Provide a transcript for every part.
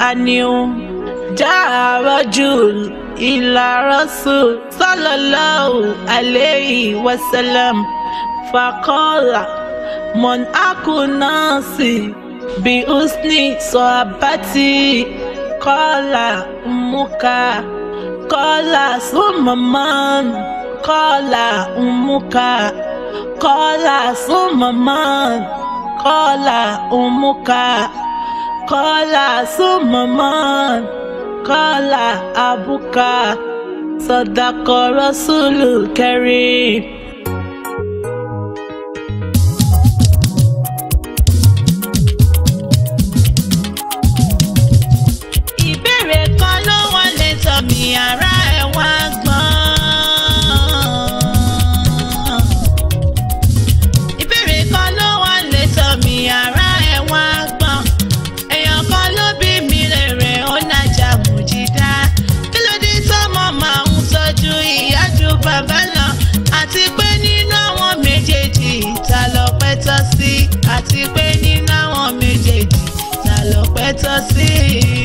أنيو جاء رجل إلى رسول صلى الله عليه وسلم فقال من أكو ناسي بحسن صحبتي قال أمك قال ثم من قال أمك قال ثم من قال أمك Kọ́lá Sọ́mọ́mọ́, Kọ́lá Abuka, Sọ̀dàkọ̀ Rọ́sùlù Karim. ìbéèrè kan ló wọlé tọ̀ mí ara. To see.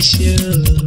I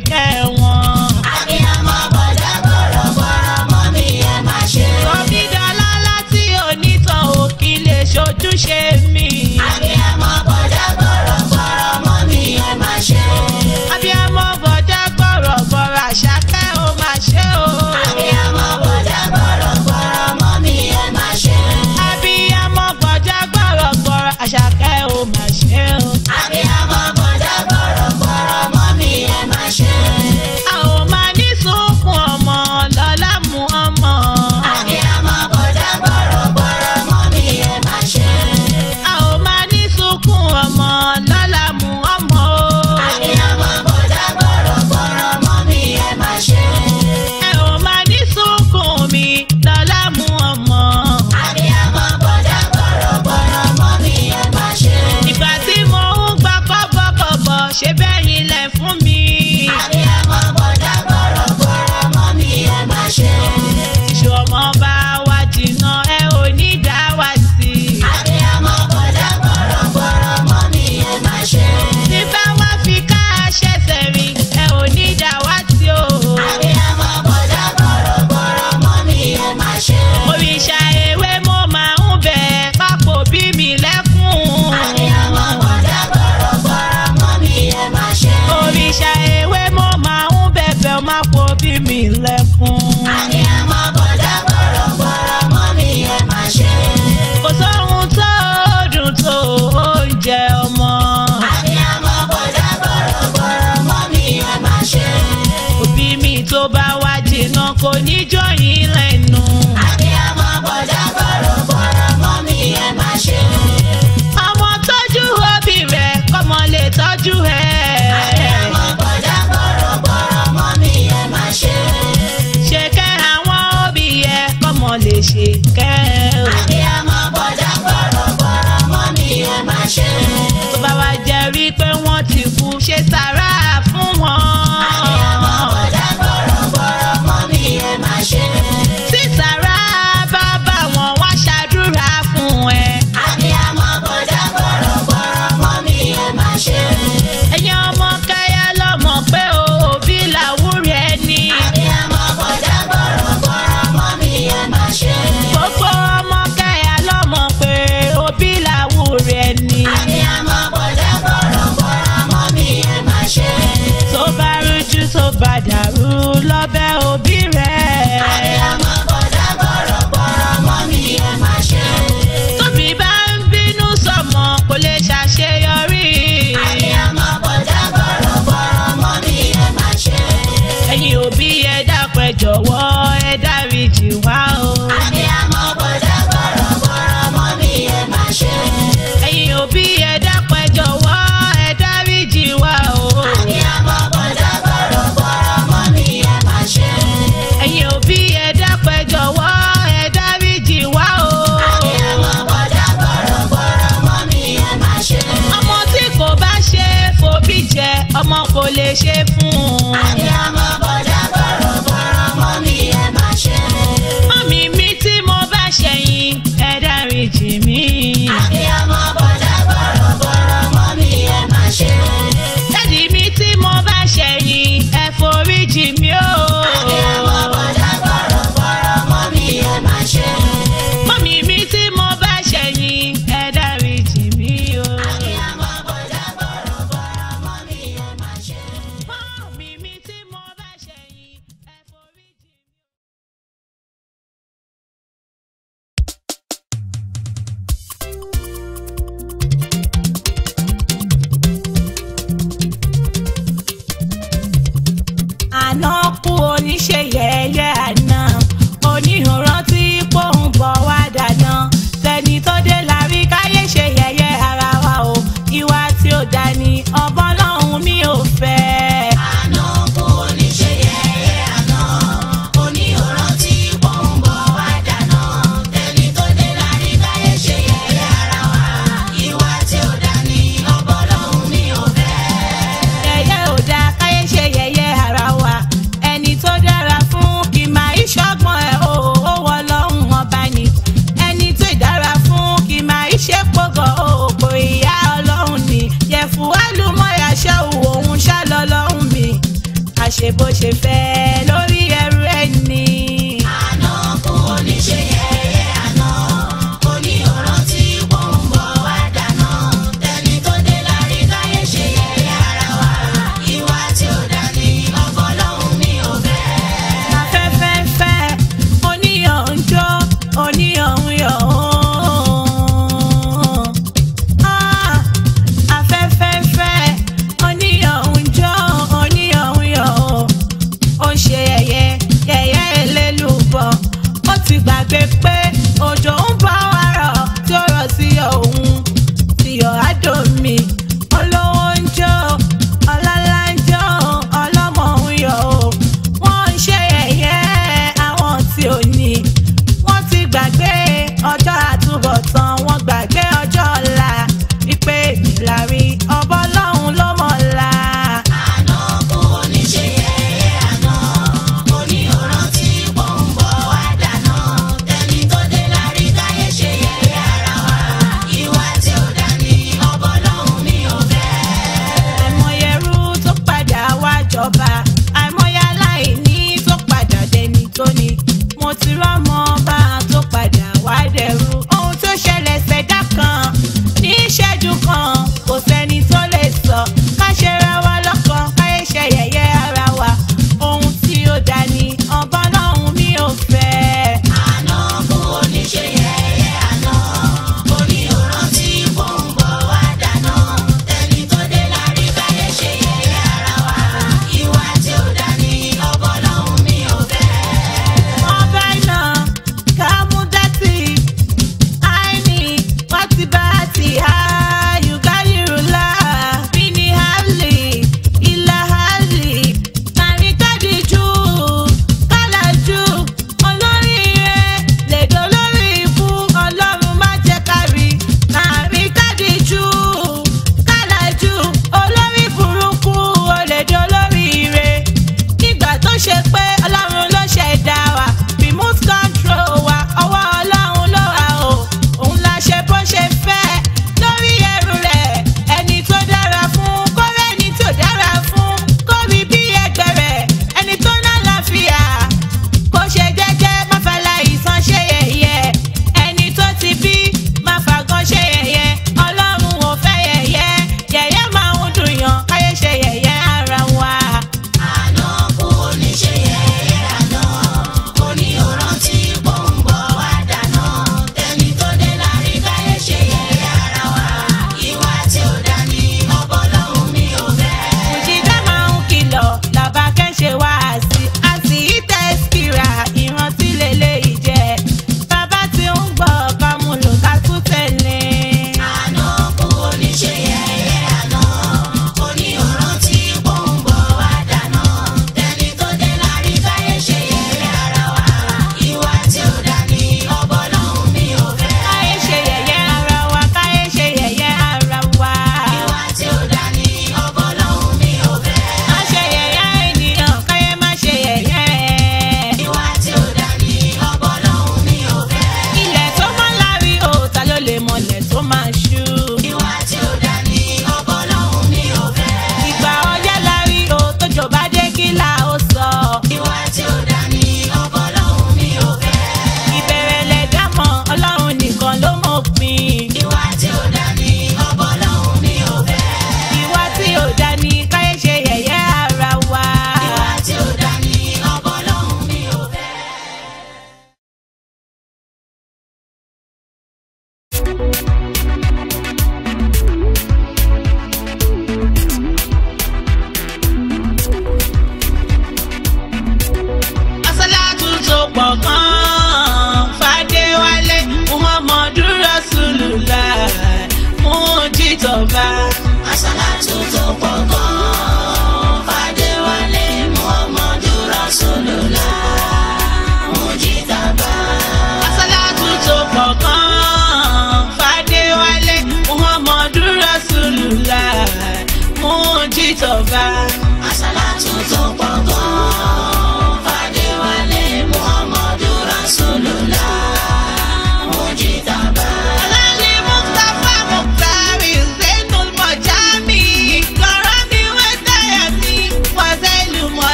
kẹ́ wọn. abiyamọ bọ̀dá gbọ̀rọ̀gbọ̀rọ̀ mọ́ mi ẹ má ṣe. tó bí dọ́lá láti onítàn òkì lè ṣojúṣe mi. pepe.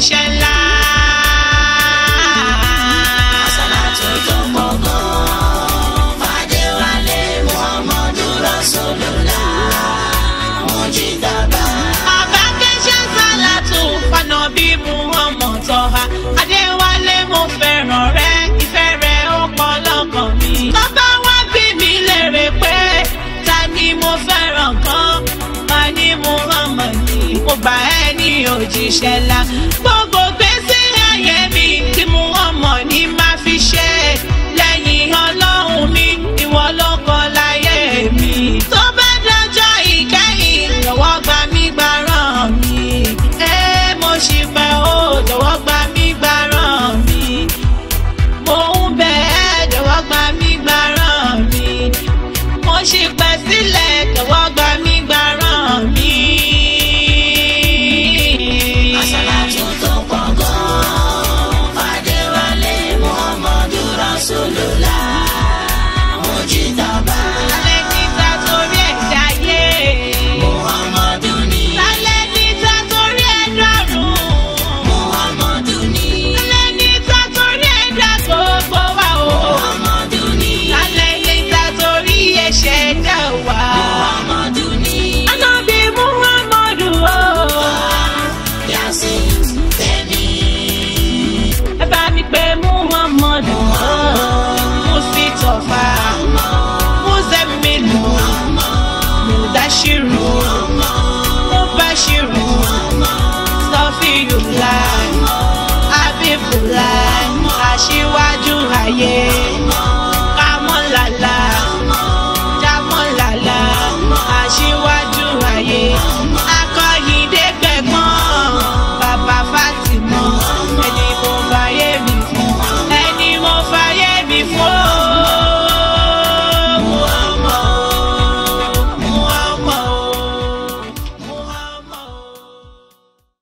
shall I? òjíṣẹ́ lá.